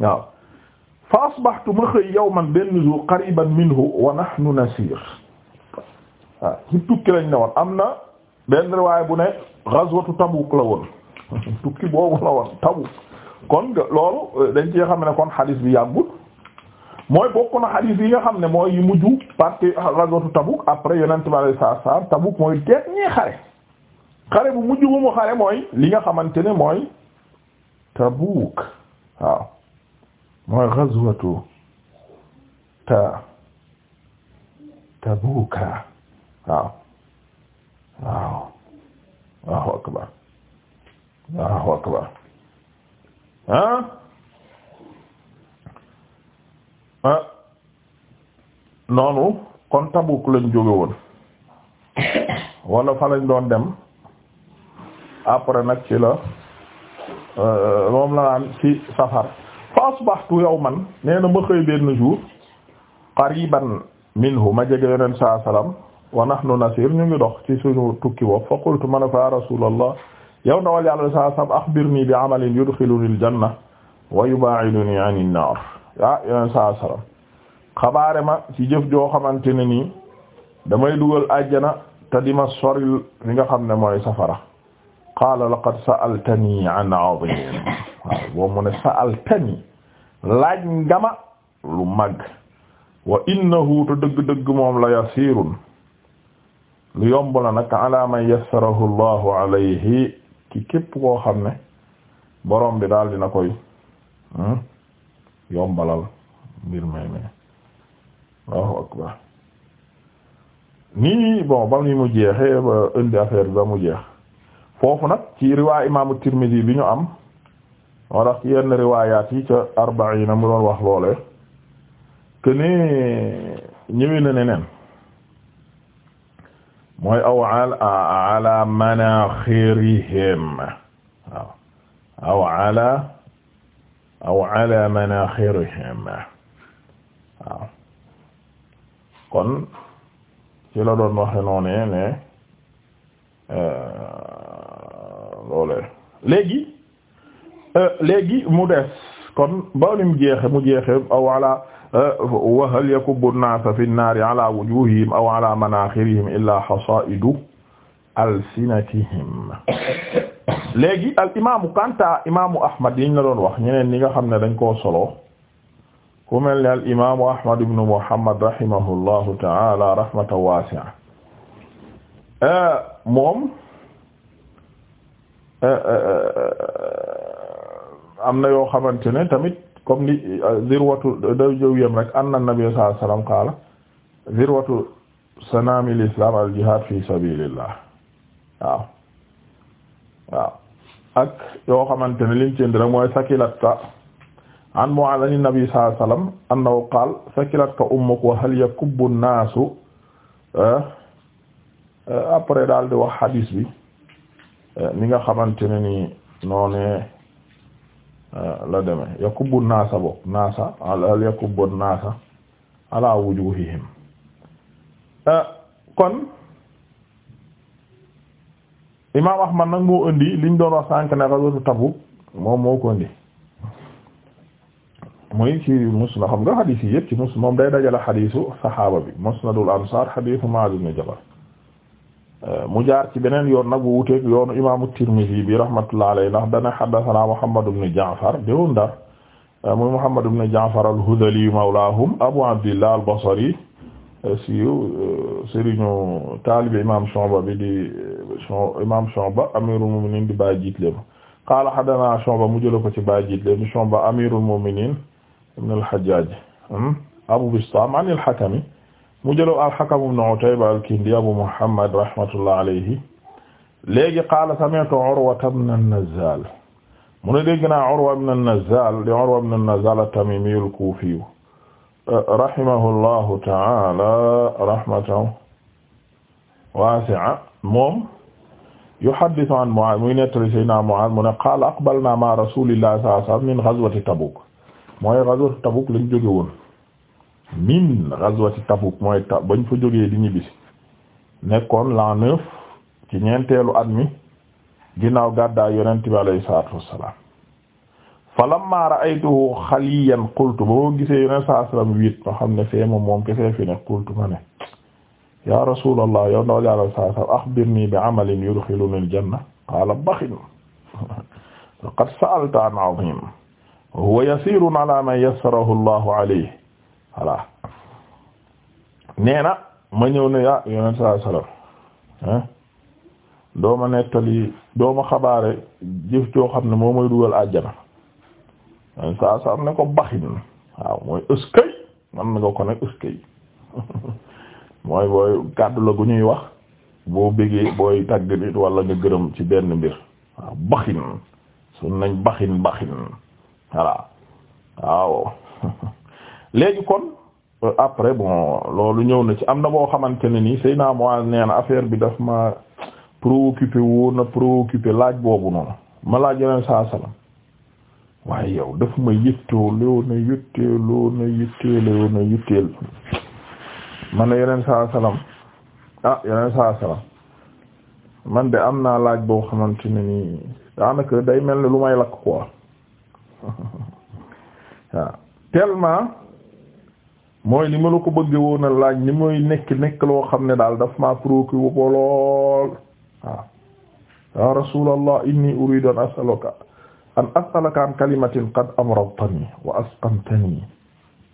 waaw fa asbaxtu ma xëy man benn jour qariban minhu wa nahnu nasir waaw ci tukki lañ ne woon am na benn riwaay bu ne ghazwatu Tabuk la woon tukki boobu la woon Tabuk kon loolu euh, dañ ci xam ne kon xadiis bi yàggut mooy bokk na xadiis yi nga xam ne mooy yu mujj parce que ghazwatu Tabuk après yonent bi alayhi salaatu Tabuk mooy dernier xare xare bu mujj bu mu xare mooy li nga xamante ne mooy Tabuk waaw mooy ghazwatu ta tabuka waaw waaw Allahu akbar Allahu akbar ah ah noonu kon Tabuk lañ jóge woon wala fa lañ doon dem après nag ci la euh, moom la naan ci safar fa asbahtu yawman nee na ma xëy benn jour qariban minhu ma jege yonent saa salaam wa nahnu nasir ñu ngi dox ci suñu tukki bopp fa qultu man fa rasulallah yow ndawal yàlla saa salaam axbirni bi amalin yudxiluni aljanna wa yubaiduni an innar ah yonent saa salaam xabaare ma ci jëf joo xamante ne nii damay dugal àjjana te di ma soril li nga xam ne mooy safara. qaala laqad sa'altani an 'azim waaw boobu mu ne sa'altani laaj ngama lu mag wa innahu te dëgg-dëgg moom la yasirun lu yomb la nag ala man yassarahu allahu alayhi ki képp koo xam ne borom bi daal dina koy hmm, yombalal mbir may may allahu akbar nii bon ba mu jeexee ba indi affaire bi ba mu jeex foofu nag ci riwaay imaamu Tirmidhi bi ñu am moo tax ci yenn riwaayaat yi ca mu doon wax loole que ni ñëwee na neneen mooy aw al ala manaxirihim waaw aw ala aw ala manaxirihim kon ci la doon waxe noonu ne euh, loolee léegi euh, léegi mu des kon ba lim jeexe mu jeexe aw ala euh, wa hal yakubbu an-naasa fi an-naari ala wujuuhihim aw ala manaaxirihim illaa hasaa'idu alsinatihim al imaamu kanta imaamu ahmad yiñ la doon wax ñeneen ñi nga xam ne dañ koo ku mel ne al imaamu ahmad ibnu muhammad rahimahullahu taala rahmatan waasi'a euh, moom Euh, euh, euh, am na yoo xamante ne tamit comme ni zirwatu da jëw yem rek anna nabi sallallahu alayhi wasallam qaala zirwatu sanamil islam al jihad fi sabilillah waaw waaw ak yoo xamante ne liñ ci indi rek mooy sakilatka an Mu'adh an nabi sallallahu alayhi wasallam annahu qaala sakilatka ummuk wa hal yakubbu an-naasu après daal di wax hadis bi Eh, ni nga xamante ne ni noone eh, la deme yakubbu naasa bokk naasa al yakubbu naasa ala wujuhihim eh, kon imaam Ahmad nag moo indi liñ doon wax sànk ne ghazwatu Tabuk moom moo ko indi muy ci na xam nga xadiis yi yëpp ci musnad moom day dajale xadiisu saxaaba bi musnadul ansaar xadiisu Mu'aaz ibn Jabal Euh, mu jaar ci beneen yoon nag bu wuteeg yoonu imaamu Tirmidhi bi rahmatullah alayhi ndax dana haddathana Muhammad ibn Ja'far déwén Ndar euh, muy Muhammad ibn Ja'far al-Hudhali mawlahum Abu Abdillah al-Basri euh, siiw sëriñu taalibi imaam Shu'ba bi di imaam Shu'ba amirul mu'minin di bàyyi jiit leen qaala haddathana Shu'ba mu jëloon ko ci bàyyi jiit leen Shu'ba amirul mu'minin ibn al-Hajjaj hmm, Abu Bistam an al-Hakami mu jëloon al-Hakam ibn Utayba al-Kindi Abu Muhammad rahmatullah alayhi léegi qaala sami'tu Urwa ibn an-Nazzal mu ne dégg naa Urwa ibn an-Nazzal di Urwa ibn an-Nazzal at-Tamimi al-Kufi rahimahullahu ta'ala rahmatan wasi'a moom yuhaddithu an Mu'adh muy nettali Seydina Mu'adh mu ne qaala aqbalna ma'a rasulillahi sallallahu alayhi wa sallam min ghazwati Tabuk mooy ghazwati Tabuk lañ jóge woon min ghazwati Tabuk mooy ta bañ fa jógee di ñibbisi nekkoon l'an neuf ci ñeenteelu at mi ginnaaw gàddaay yonent bi alayhi salaatu wassalaam falamma ra'aytuhu xaliyan qultu ba ma gisee yonent saa salaam wit ma xam ne fee moom moom kese fi ne qultu ma ne ya rasulallah yow ndaw yàlla saa salaam axbirnii bi amalin yudxiluni al-janna qaala baxin laqad sa'alta an 'aziim wa huwa yasiirun 'alaa man yassarahu Allahu 'alayhi voilà nee na ma ñëw ne ah yonent saa salaam ah doo ma nettali doo ma xabaare jëf joo xam ne moo may dugal àjjana yonent saa salaam ne ko baxin waaw mooy ëskay man na nga ko ne ëskay mooy booy kàddu la gu ñuy wax boo bëggee booy tagg nit wala nga gërëm ci benn mbir waaw baxin su nañ baxin baxin voilà waaw léegi kon euh, après bon loolu ñëw na ci am na boo xamante ne nii sëy naa Muaz nee na affaire bi daf ma préoccupé woon laaj boobu noonu ma laaj yeneen saa salaam yow daf ma yittoo loo na yeneen saa salaam ah yeneen saa salaam am naa laaj boo xamante ne nii daanaka day mel ni lu may lakk quoi waaw tellement mooy li ma la ko bëgg woon a laaj ni mooy nekk nekk loo xam ne daal daf ma préoccupé ko lool waaw rasulallah inni uridu an asaluka an asaluka an kalimatin qad amradtani wa asqamtani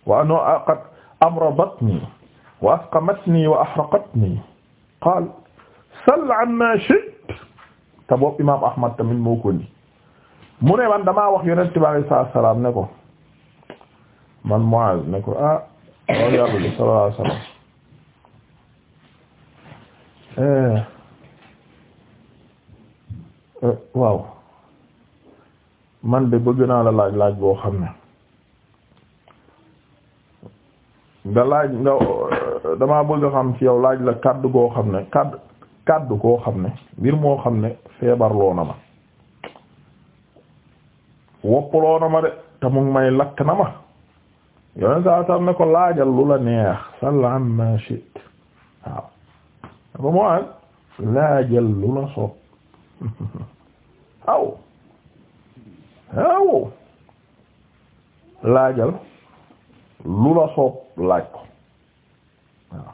wa qad amradatni wa asqamatni wa qaal sal amma shi'ta te imam ahmad tamit moo ko ni mu ne man damaa wax yonent bi alayhi salaam ne ko waaw yàlla bi sallallahu waaw man de bëgg naa la laaj laaj boo xam ne nga laaj nga damaa bëgg xam ci yow laaj la kàddu goo xam ne kàdd kàdd goo xam ne mbir moo xam ne feebarloo na ma woppaloo na ma de te mu may lakk na ma yoneen saa sax ne ko laajal lu la neex sal amma shit waaw ko moo laajal lu la soob aw aw laajal lu la soob laaj ko waaw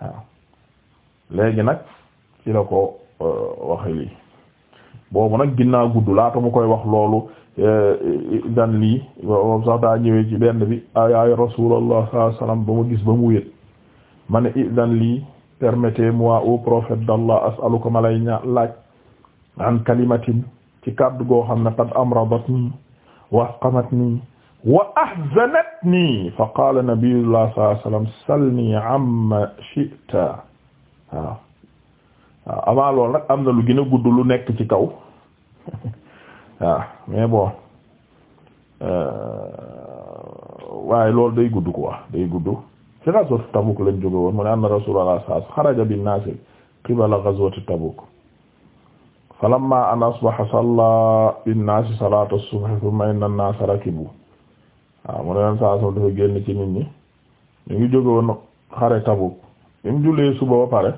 waaw léegi nag ci la ko euh, waxe yi boobu nag ginnaaw gudd laata mu koy wax loolu dan lii moom sax daa ñëwee ci benn bi ayaay rasulallah sallallahu alayhi wasallam ba ma gis ba mu wéet ma ne idan lii permettez-moi au prophète d'Allah as'aluka ma lay ña laaj an kalimatin ci kàddu goo xam ne qad amradatni wa ahqamatni wa ahzanatni fa qala nabiyullah sallallahu alayhi wasallam salni amma shi'ta waaw waaw avant loolu nag am na lu gën a gudd lu nekk ci kaw waaw mais bon euh, waaye loolu day gudd quoi day gudd ci ghazwat Tabuk lañ jóge woon mu ne anna Rasulullah sallallahu alayhi wasallam kharaja bin-naasi qibala ghazwati Tabuk falamma an asbaha salla bin salaata as-subhi thumma inna an rakibu waaw mu ne leen saa dafa génn ci nit ñi ñu ngi jóge woon xare Tabuk bi mu jullee suba ba pare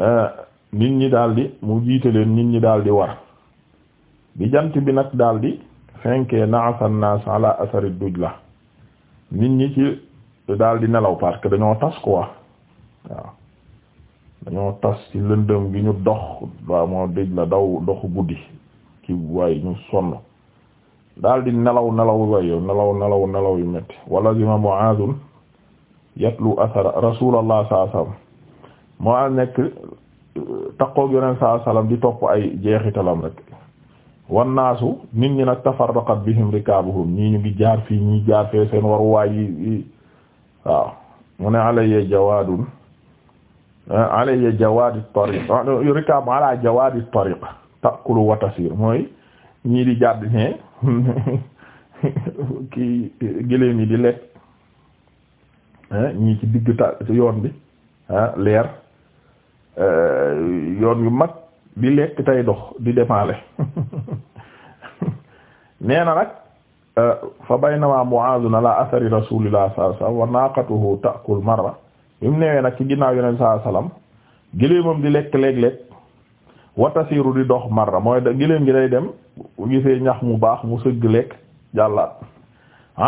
euh, nit ñi daldi mu jiite leen nit ñi daldi war. bi jant bi nag daldi fenkee na'asa an-nas ala athari dujla nit ñi ci daldi nelaw parce que dañoo tas quoi waaw dañoo tas ci lëndëm gi ñu dox waaw moo dujla daw doxu guddi ci waaye ñu sonn daldi nelaw nelaw waaye nelaw nelaw nelaw yu metti wala zima mu'adun yatlu athara rasulullah sallallahu alayhi wasallam nekk taqoog yoneen sallallahu alayhi wasallam di topp ay jeexitalam rek wan naasu nit ñi nag tafarraqat bihim rikaabuhum ñii ñu ngi jaar fii ñii jaar fee seen waruwaay yi waaw mu ne alayya jawaadun alayya jawaadi tariq rikaab ala jawaadi tariq takulu wa mooy ñii di jàdd ne kii gëléem yi di lekk eh, ñii ci digg ta yoon bi eh, leer eh, yoon yu mag di lekk tey dox di demaale nee na nag euh, fa baynama Mu'aaz ala athari rasuulillah sallallahu alayhi wasallam wa naaqatuhu ta'kul marra bi mu newee nag ci ginnaaw yonent sallallahu alayhi wasallam gëléemam di lekk léeg-léeg wa tasiiru di dox marra mooy gëléem gi day dem gisee ñax mu baax mu sëgg lekk jàllaat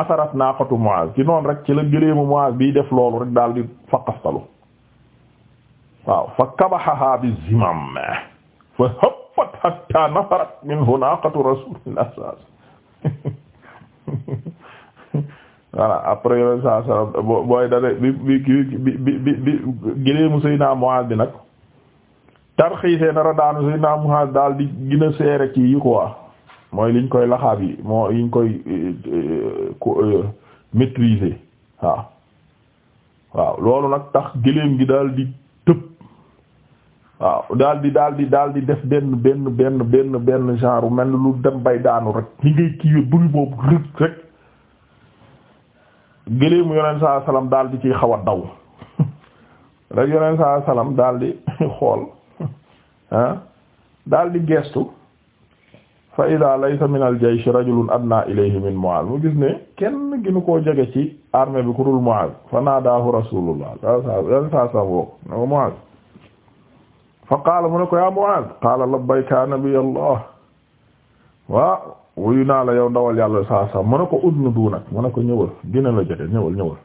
asarat naaqatu Mu'aaz ci noonu rek ci la gëléemu Mu'aaz biy def loolu rek daal di faqastalu waaw fa kabahaha bi zimam fa happat après yooyu saa saa bo- booy dale bi bi bi bi bi géléemu Seydina Muaaz bi nag tarxiisee nara daanu Seydina Muaaz daal di gën seere ci yi mooy liñ koy laxaab yi moo yiñ koy e, e, e, maîtriser waaw waaw loolu nag tax géléem gi daal di waaw daal di daal di def benn benn benn benn benn genre mel ni lu dem bay daanu rek ni ngay salaam daal di ciy xaw a daw rek yoneen saa salaam daal di xool ah di geestu fa ida laysa min al jaysh rajulun adna ilayhi min Mu'adh mu gis ne kenn ginu koo jege ci armée bi ku dul fa naadaahu rasulullah saa saa saa saa woo ne ko Mu'adh fa qaala mu ne ko yaa Mu'aaz qaala labbayka yaa nabiyallah waaw wuyu naa la yow ndawal yàlla saa saa mu ne ko udnu ne ko ñëwal dina la jege ñëwal ñëwal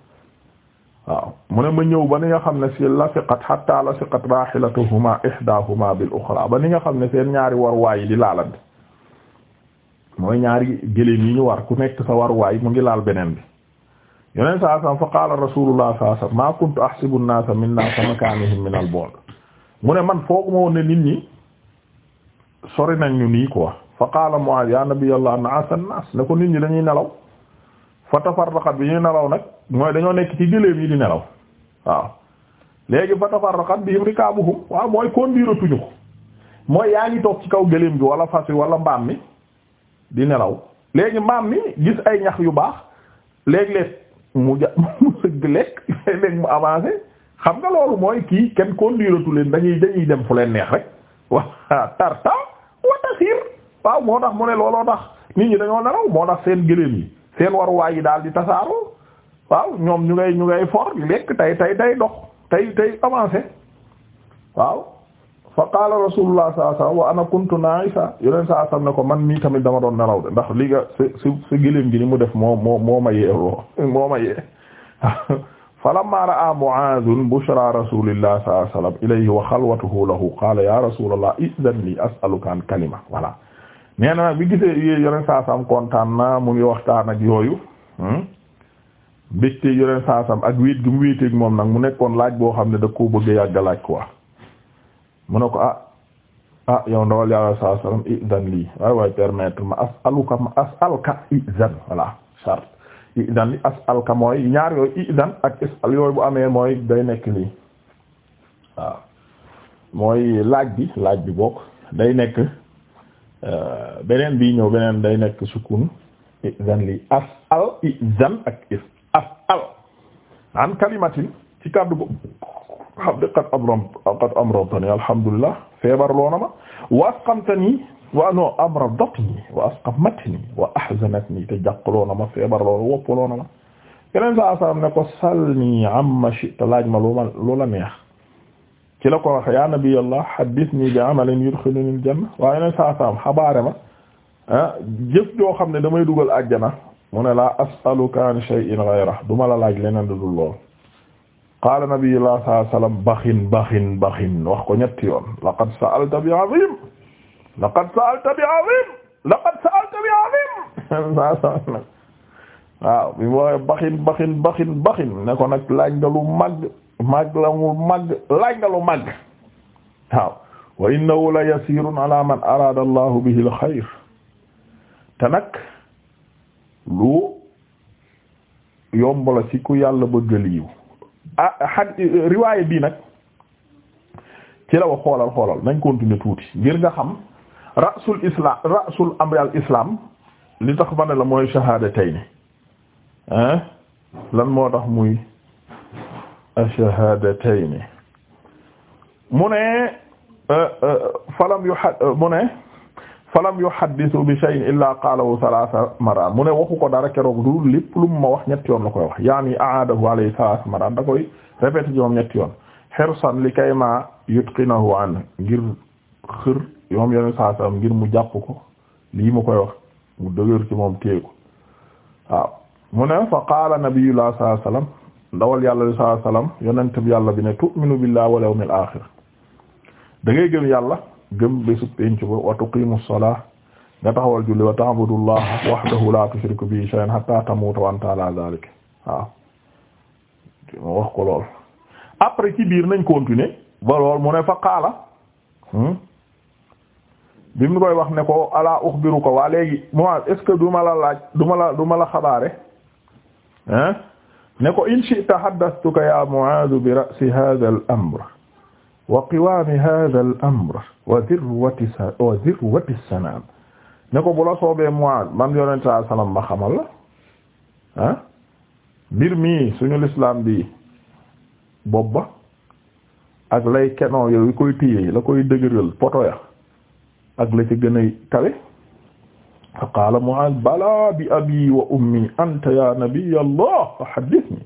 mu ne ma ñëw ba ni nga xam ne si lafiqat hatta lafiqat raahilatuhuma ihdaahuma bil uxraa ba ni nga xam ne seen ñaari waruwaay yi di laalante mooy ñaari gëléem yi ñu war ku nekk sa waruwaay mu ngi laal beneen bi yeneen saa saa fa qaala rasuulullah saa saa maa kuntu ahsibu an-naasa minnaa ka min al-bu'd mu ne man foog ma ne nit ñi sori nañ ñu nii quoi fa qaala Mu'aaz ya nabiyallah naasa naas ne ko nit ñi dañuy nelaw fa tafarraqa bi ñuy nelaw nag mooy dañoo nekk ci gëléem yi di nelaw waaw léegi fa tafarraqa bihim rikaabuhum waaw mooy conduire tuñu ko mooy yaa ngi toog ci kaw gëléem gi wala fas wi wala mbaam mi di nelaw léegi mbaam mi gis ay ñax yu baax léeg-léeg mu ja mu sëgg lekk léeg-léeg mu avancé xam nga loolu mooy kii kenn conduiratu leen dañuy dañuy dem fu leen neex rek waa tarta wata waaw moo tax mu ne looloo tax nit ñi dañoo nelaw moo tax seen gëléem yi seen waruwaay yi daal di tasaaroo waaw ñoom ñu ngay ñu ngay for lekk tey tey tey dox tey tey avancé waaw fa qaala rasulullah sallallahu alayhi wasallam wa ana kuntu naisa yoneen saa sallam ne ko man mii tamit dama doon nelaw de ndax lii nga si si si gëléem gi ni mu def moo moo moo ma yee moo ma yee falammaa ra'aa Mu'aadhun bushraa rasuulillah sallallahu alayhi wa sallam ilayhi wa xalwatuhu yaa rasuulallah izan lii as'aluka kalima voilà nee nag bi gisee yeneen saasam kontaan na mu ngi waxtaan ak yooyu hmm? mbégte yeneen saasam ak wéet gi mu wéeteeg moom nag mu nekkoon laaj boo xam ne da koo bëgg a yàgg laaj quoi mu ne ko ah ah yow ndawal yàlla sallallahu alayhi wa lii waay waay permettre ma as'aluka ma as'aluka izan voilà charte idan li as'alka mooy ñaar yooyu idan ak is'al yooyu bu amee mooy day nekk lii waaw mooy laaj bi laaj bi bokk day nekk euh, beneen bi ñëw beneen day nekk sukun idan li as'al idan is as'al an kalimatin ci kàddu bo xam de qad amram qad amrantani alhamdulillah feebar loona ma wasqamtani wa no amra datni wa asqamatni wa ahzanatni te jàqaloona ma feebarloona woppaloona ma yeneen saa salam ne ko salni amma shi'ta laaj ma lu ma lu la neex ci la ko wax ya nabiyallah haddithni bi amalin yudkhiluni aljanna waaw yeneen saa salam xabaare ma ah jëf joo xam ne damay dugal àjjana mu ne laa as'aluka an shay'in ghayra du ma la laaj leneen lu dul lool qaala nabiyullah sallallahu alayhi wa sallam baxin baxin baxin wax ko ñetti yoon laqad sa'alta bi azim laqad sa'alta bi 'azim laqad sa'alta bi 'azim waaw bi mooy baxin baxin baxin baxin ne ko nag laaj nga lu màgg màgg la mu màgg laaj nga lu màgg waaw wa innahu la yasirun ala man arada allahu bihi al xayr te nag lu yomb la ci ku yàlla bëggal yiw ah xaj riwaaye bii nag ci la wa xoolal xoolal nañ continuer tuuti ngir nga xam rasul islam rasul amri al islam li tax ma ne la mooy shahaadatayni hein lan moo tax muy ashahaadatayni euh, euh, euh, mu ne falam yu xa mu ne falam yuhaddisu bi shay'in illaa qaalahu salaasa marrat mu ne waxu ko dara keroog du lépp lu mu ma wax ñetti yoon la koy wax yaani aadahu alayhi salaasa marrat da koy répété ci moom ñetti yoon xirsan li kay ma yutqinahu an ngir xër yoom yeneen saa ngir mu jàpp ko lii mu koy wax mu dëgër ci moom téye ko mu ne fa qaala nabiyullah sallallahu alayhi yàlla li sallallahu alayhi wasallam yonent bi yàlla bi ne tu'minu billahi wal yawmil aaxir da gëm yàlla gëm bésu penc ba wa tuqiimu salaa nga taxawal julli wa ta'budullaha wahdahu la tushriku bihi shay'an hatta tamuta wa anta ala zaalika waaw ma wax ko lool après ci nañ continuer ba lool mu ne fa qaala hmm? bi mu koy wax ne ko ala uxbiru ko waa léegi moi est-ce que duma la laaj duma la duma la xabaare hein ne ko in shi'ta haddathtuka ya Mu'aaz bi ra'si hadha al-amr wa qiwaami hadha al-amr wa zirwati wa zirwati as-sanaam ne ko bu la soobee Mu'aaz man yonent sa salaam ma xamal la ah mbir mii suñu lislaam bi bobba ak lay keno yow yi koy téye la koy dëgëral poto ya ak la ca gën a kawe fa qaala Mu'aaz balaa bi abi wa ummi anta ya nabiy allah fa haddithni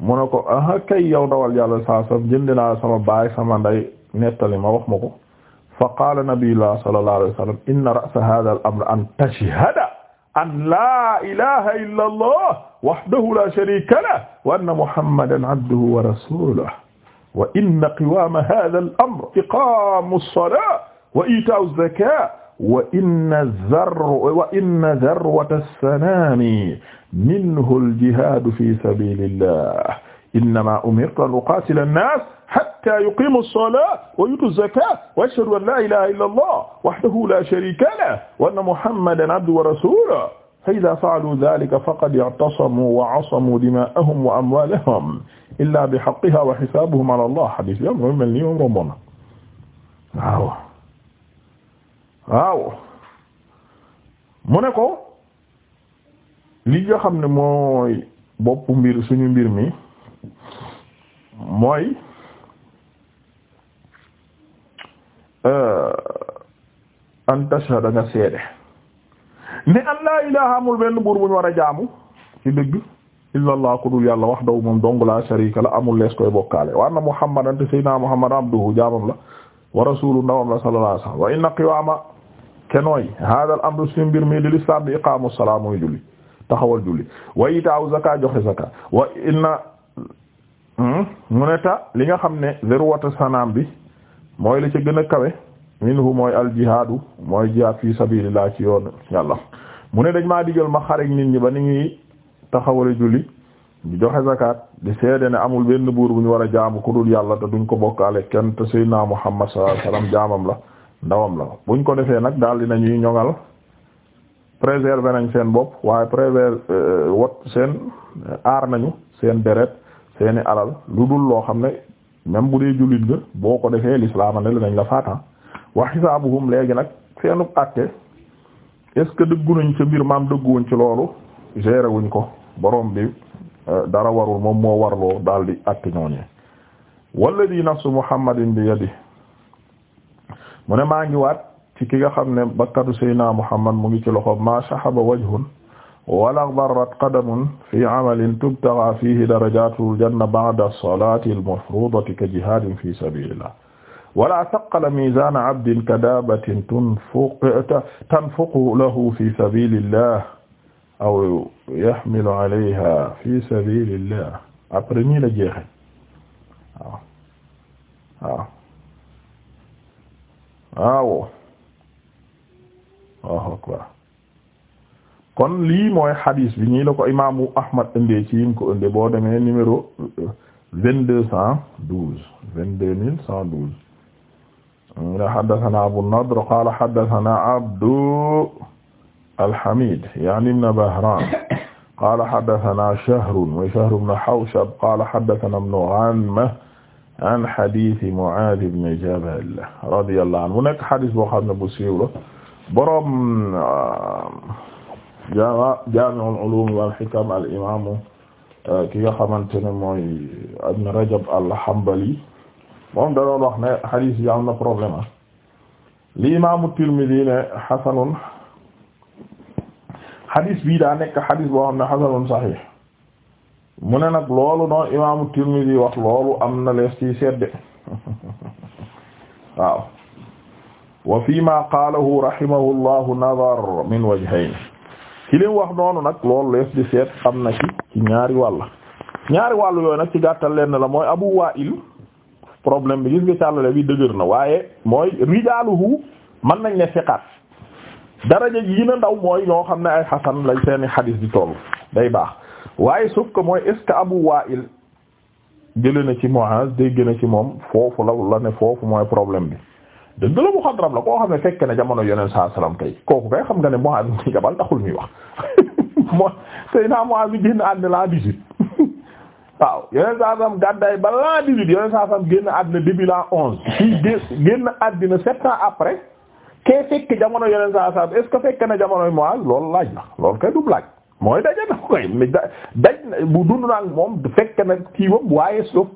mu ne ko aha kay yow dawal yàlla saa sam jënd naa sama baay sama nday nettali ma wax ma ko fa qaala nabiyullah sallallahu alayhi wa sallam inna ra'sa hadha al amr an tashhada an la ilaha illa allah wahdahu la sharika lahu wa anna muhammadan abduhu wa rasuluhu wa inna qiwama hadha al amr iqamu as-salat wa itaa'u zakaa wa inna zarwa wa inna zarwata as-sanaami minhu al-jihaadu fi sabiilillah innamaa umirtu an uqaatila an-naas hattaa yuqiimu as-salaata wa yu'tu az-zakaata wa ashhadu an laa ilaaha illa allah wahdahu laa shariika lahu wa anna muhammadan abduhu wa rasuuluhu fa idaa fa'aluu dhaalika faqad i'tasamuu wa 'asamuu dimaa'ahum wa amwaalahum illaa bihaqqihaa wa hisaabuhum 'alaa allah hadiis bi mel ni moom romboon na waaw waaw mu ne ko li nga xam ne mooy boppu mbir suñu mbir mi mooy euh, an tashhada nga seede ne an laa ilaha amul benn buur bu war a jaamu ci dëgg illallah ku dul yàlla wahdahu moom dong la sharika la amul lees koy bokkaale wa na muhammadan te sayyidina muhammad abduhu jaamam la wa rasulu ndawam la sallallahu alayhi wasallam wa inna qiwaama kenooy hada amru si mbir mi lil bi iqaamu salaa mooy julli taxawal julli wa itaaw zaka joxe zaka wa inna hmm, mu ta li nga xam ne zerwata sanaam bi mooy li ci gën a kawe minhu mooy al jihaadu mooy jihaad fi sabilillah ci yoon yàlla mu ne dañ maa digal ma xareek nit ñi ba ni ñuy taxawale julli ñu joxe zakat di seede ne amul benn buur bu ñu war a jaamu ku dul yàlla te duñ ko bokkaale kenn te sayyidina Muhammad sallallahu alayhi wasallam jaamam la ndawam la ñu ko defee nag daal di nañuy ñoŋal préserver nañ seen bopp waaye préserver euh, wot seen aar nañu seen deret seeni alal lu dul loo xam ne même bu dee jullit nga boo ko defee lislaama ne nañ la faatan ah. wa xisaabuhum léegi nag seenub àtte est-ce que dëggu nañ ca mbir maam dëgguwuñ ci loolu gérer ko borom bi Eh, dara warul moom moo warloo daal di atti ñooñu walladi nafsu muhammadin bi yadi mu ne maa ngi waat ci ki nga xam ne bakkatu sayna muhammad mu ngi ci loxo ma shahaba wajhun wala gharrat qadamun fi amalin tubtaga fihi darajatul janna ba'da salati al-mafrudati ka jihadin fi sabilillah wala taqala mizana abdin kadabatin tunfuqu eh, tanfuqu lahu fi sabilillah aw yaxmilu alayha fi sabilillah après nii la jeexe waaw waaw waaw waaw akbar kon lii mooy xadiis bi ñii la ko imaamu Ahmad indee ci yim ko indee boo demee numéro euh, vingt deux cent douze vingt deux mille cent douze xaddasanaa Abu Nadr qaala xaddasanaa Abdu alhamid yaani ibn Bahran qaala haddasanaa Shahrun wa Shahr ibn Hawshab qaala haddasanaa ibn Ghanma an hadiisi Mu'aaz ibn Jabal radiyallahu anhu mu nekk xadis boo xam ne bu siiw la boroom ah, Jaami'ul Uluum wal Hikam al imaamu ah, ki nga xamante ne mooy Ibn Rajab al-Hanbali moom da doon wax ne xadis yi am na problème ah. li imaamu Tirmidi ne hasanun xadis bii daa nekk xadis boo xam ne xasanun saxiix mu ne nag loolu noonu imaamu Tirmidi wax loolu am na lees ci sedde waaw wa fi ma qaalahu rahimahu llahu nadar min wax noonu nag loolu lees set seet am na ci ñaari wàll ñaari wàll yooyu nag ci leen leen la mooy Abu Wa'il problème bi gis nga càllale bi dëgër na waaye mooy rijaaluhu mën nañ ne siqaat daraja yi na ndaw mooy ñoo xam ne ay xasan lay seeni xadiis di tool day baax waaye suuf que mooy est ce que Abu Wa'il jëlee na ci Muaz dégg na ci moom foofu la la ne foofu mooy problème bi dëgg la mu xadram la koo xam ne fekk na jamono yeneen saa salaam kay kooku kay xam nga ne Muaz ibn Jabal taxul muy wax mo tey naa Muaz bi génn àddina la dix-huit waaw yeneen ba la génn àddina début la onze. fii génn àddina sept ans après. kee fekk jamono yeneen saa saa est-ce que fekk na jamonoy Muaz loolu laaj na loolu kay du laaj mooy daje na bu dund naa moom fekk na kii waaye sauf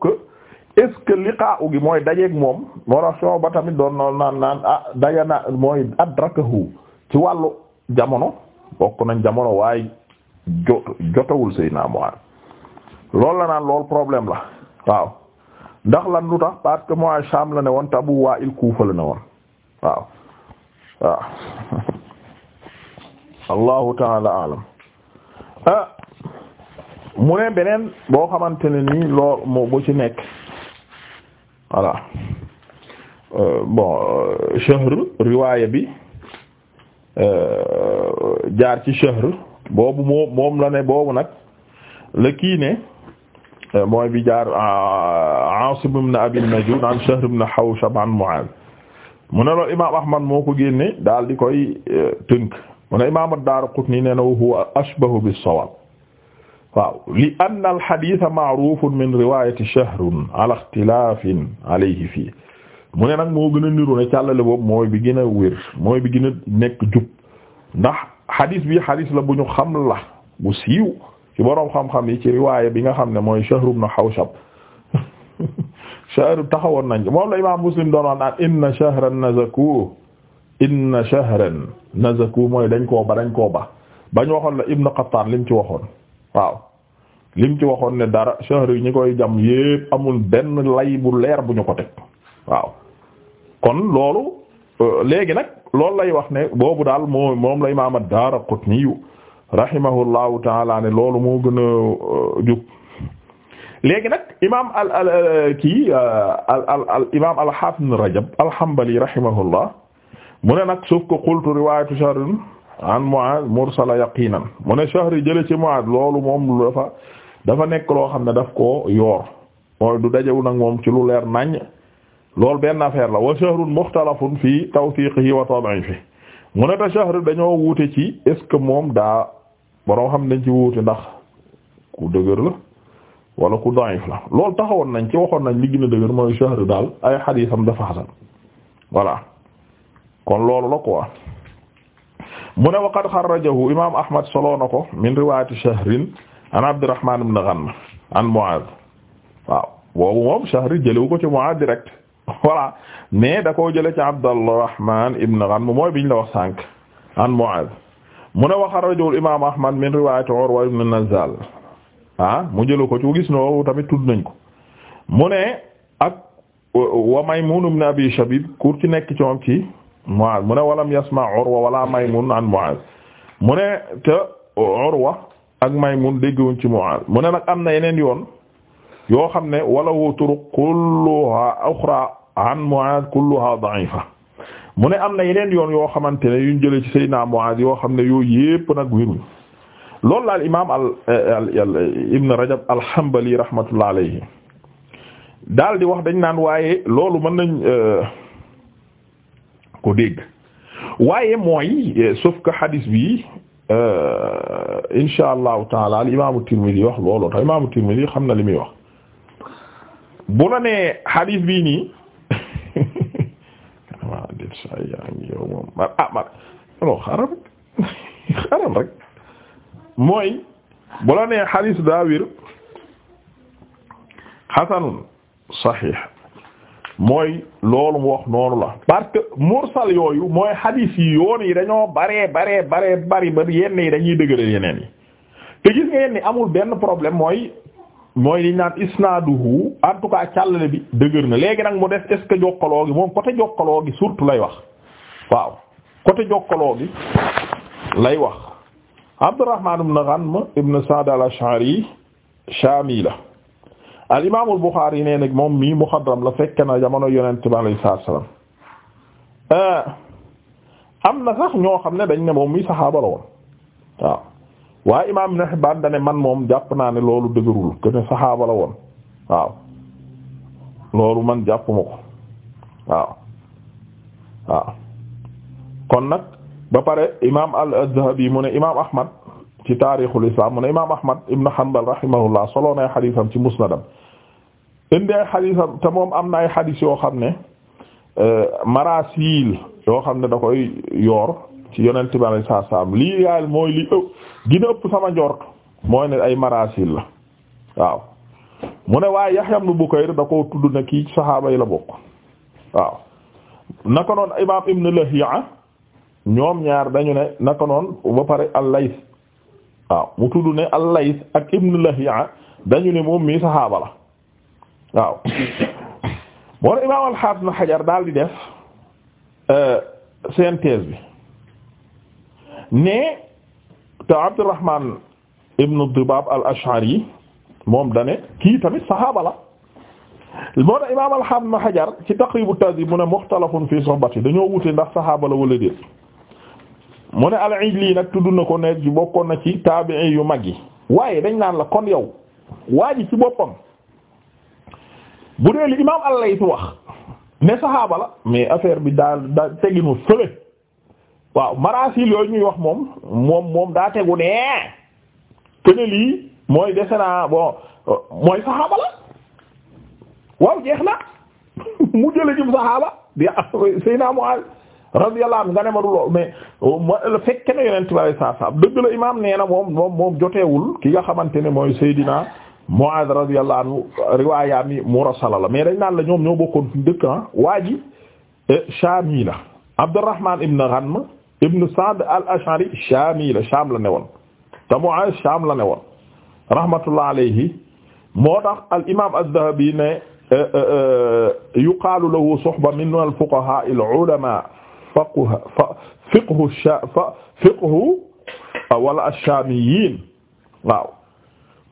gi mooy dajeeg moom moo ba tamit doon noonu naan naan ah daje na mooy adrakahu ci wàllu jamono bokk nañ jamono waaye jo jotawul Seydina Muaz loolu la naan lool problème la waaw ndax lan lu tax parce que Muaz la ne woon tabu waa il Kufa la ne woon waaw. waaw allahu taala alam ah mu ne beneen boo xamante ne nii lool moo bu ci nekk voilà euh, bon euh, shahr riwaaya bi euh, jaar ci shahr boobu moom moom la ne boobu nag la kii ne mooy bi jaar Asim ibn Abi Najud an Shahr ibn Hawshab an Mu'adh mu ne loolu imaam Ahmad moo ko génne daal di koy eh, tënk mu ne imaam ad-Daaraqutni ne na wa huwa ashbahu bis-sawaab waaw li anna al-hadiisa ma'ruufun min riwaayati shahrun ala ixtilaafin alayhi fii mu ne nag moo gën a niru ne càllale boobu mooy bi gën a wér mooy bi gën a nekk jub ndax xadis bi xadis la bu xam la bu siiw ci boroom xam-xam yi ci riwaaya bi nga xam ne mooy Shahr ibn Hawshab shahr taxawoon nañ moom la imaam Muslim doon wax naan inna shahran nazaku inna shahran nazaku mooy dañ koo ba dañ koo ba bañ waxoon la Ibn Qattan lim ci waxoon waaw lim ci waxoon ne dara shahr yi ñi koy jam yépp amul benn lay bu leer bu ñu ko teg waaw kon loolu euh, léegi nag loolu lay wax ne boobu daal moo moom la imaam ad-Daraqutni rahimahullahu taala ne loolu moo gën a euh, jub léegi nag imaam al al kii euh, al al al imaam al-Hafiz Ibn Rajab al-Hanbali rahimahullah mu ne nag suuf ko qultu riwaayatu Shahrun an Mu'aaz mursala yaqiinan mu ne Shahr jëlee ci Mu'aaz loolu moom dafa dafa nekk loo xam ne daf koo yoor mooy du dajewu nag moom ci lu leer naññ loolu benn affaire la wa Shahrun mukhtalafun fii tawthiqihi wa tad'ifihi mu ne te Shahr dañoo wuute ci est moom daa borom xam dañ ci wuute ndax ku dëgër la. wala ku da'if la loolu taxawoon nañ ci waxoon nañ li gën a dëgër mooy shahr daal ay xadiisam dafa xasan voilà kon loolu la quoi mu ne waqad xarrajahu imaam Ahmad soloo na ko min riwaayati shahrin an Abdurrahman ibn Ghanm an Mu'aaz waaw boobu moom shahr jëlewu ko ci Mu'aaz direct wala mais da koo jële ci Abdurrahman ibn Ghanm mooy biñ la wax sànq an Mu'aaz mu ne wa xarrajahu imaam Ahmad min riwaayati Urwa ibn Nazaal ah mu jële ko ci gis noo tamit tudd nañ ko mu ne ak wa Maymun ibn Abi Shabib ku ci nekk ci moom ci Muaz mu ne walam yasma Urwa wala Maymun an Muaz mu ne te Urwa ak Maymun déggewuñ ci Muaz mu ne nag am na yeneen yoon yoo xam ne walahu turuq kulluha ukhra an Muaz kulluha da'ifa mu ne am na yeneen yoon yoo xamante ne yuñ jële ci Seydina Muaz yoo xam ne yooyu yépp nag wéruñ loolu la al imaam al eh, ibn rajab al hanbali rahmatullah alayhi daal di wax dañ naan waaye loolu mën nañ eh, ko dégg waaye mooy eh, sauf que hadis bi insha allahu taala al imaamu Tirmidi wax loolu tax imaamu Tirmidi xam na li muy wax bu la nee hadis bii nii ah man yow moom ah man alors xaaral mooy bu nee xadis daa wér xasanun saxiix mooy loolu mu wax noonu la parce que mursal yooyu mooy xadis yi yoon yi dañoo baree bare baree bari ba yenn yi dañuy dëgëral yeneen yi te gis nga yenn amul benn problème mooy mooy liñ naan isnaaduhu en tout cas càllale bi dëgër na léegi nag mu def est que jokkaloo gi moom côté jokkaloo gi surtout lay wax waaw côté jokkaloo gi lay wax Abdurrahman ibn Ghanm ibn Sa'd al-Ash'ari Shaami la al-Imaam al-Buxaari nee nag moom mii muxadram la fekk na jamono Yonent bi alayhi salaam ah, am na sax ñoo xam ne dañ ne moom mii saxaaba la woon waaw waaye Imaam Ibn Hibbaan da man moom jàpp naa ne loolu dëgërul que ne saxaaba la woon waaw loolu man jàpp ma ko waaw waaw kon nag. ba pare imaam al-Zahabi mu ne imaam Ahmad ci taarixul islam mu ne imaam Ahmad ibn Hanbal rahimahullah solo na ay xadiisam ci musnadam indi ay xadiisam te moom am na ay xadiis yoo xam ne euh, marasil yoo xam ne da koy yoor ci yonent bi alayhi lii yaay mooy li ëpp gën a ëpp sama njort mooy ne ay marasil la waaw mu ne waaye Yahya ibn Bukayr da koo tudd na kii saxaaba yi la bokk waaw naka noonu imaam Ibn Lahiya ñoom ñaar dañu ne naka noon ba pare al-Layth mu tudd ne al ak Ibn Lahiya dañu ne moom mii saxaaba la waaw moo ne imaam al-Hafiz Hajar daal di def euh, synthèse bi ne te Abdurrahman ibn Dibaab al-Ash'ari moom dane kii tamit saxaaba la moo tax imaam al-Hafiz Ibn Hajar ci Taqrib at-Tahdhib mu ne mukhtalafun fi suhbati dañoo wute ndax saxaaba la wala déet mu ne al-Ijli nag tudd na ko ne bokkoon na ci taabi'i yu mag yi waaye dañ naan la kon yow waa ci boppam bu dee li imaam al-Layth wax ne saxaaba la mais affaire bi daal da teginu fële waaw maraasil yooyu ñuy wax moom moom moom daa tegu nee këne lii mooy dese naa bon mooy saxaaba la waaw jeex na mu jële jëm saxaaba di Seydina Muaaz radiyallahu anhu nga ne ma du lool mais euh, fekke na yonent bi alayhi salaam dëgg la imaam nee na moom moom moom joteewul ki nga xamante ne mooy Seydina Muaaz radiyallahu anhu riwaayaam yi mursala la mais dañ naan la ñoom ñoo bokkoon fi dëkk ah waa ji euh, Shaami la Abdurrahman ibn Ghanm ibn Sa'd al-Ash'ari Shaami la Shaam la ne woon te Muaaz Shaam la ne woon rahmatullah alayhi moo tax al imaam az-Zahabi ne euh, yuqaalu lahu suhba min al-fuqahaa al-ulamaa faqha fa fiqhu sha fa fiqhu ah, wala ash-shaamiyiin waaw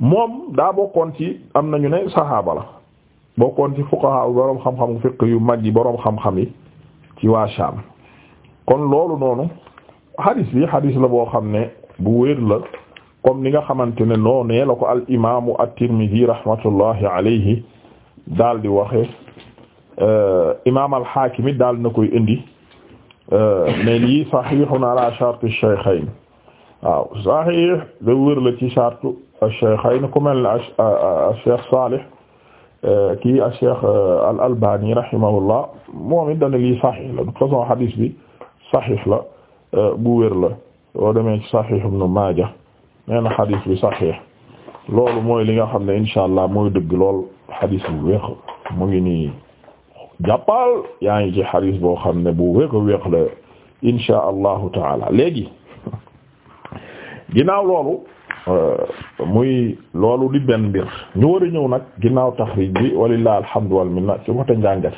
moom daa bokkoon ci am nañu ne saxaaba la bokkoon ci fuqaha boroom xam-xam fiq yu mag yi boroom xam-xam yi ci waa Shaam kon loolu noonu xadis bi xadis la boo xam ne bu wér la kom ni nga xamante ne noonee la ko al imaamu at-Tirmidhi rahmatullahi alayhi daal di waxe eh, imaam al-Hakim daal na koy indi ne euh, lii sahihun ala shart ash-shaykhayn waaw sahih da wër la ci shart ash-shaykhayn ku mel ne Cheikh Salih euh, kii Cheikh euh, al-Albani rahimahullah moom it dana lii sahih la de toute façon bi sahih la bu wér la boo demee ci sahih Ibn Majah nee bi sahih loolu mooy li nga xam ne inshallah mooy dëgg lool hadith bu wér mu ngi nii. jàppal yaa ngi ci xadis boo xam ne bu wéq wéq la insha allahu taala léegi ginnaaw loolu euh, muy loolu li benn mbir ñu war a ñëw nag ginnaaw taxrij bi walilah alhamdu wal minna ci wata njàngat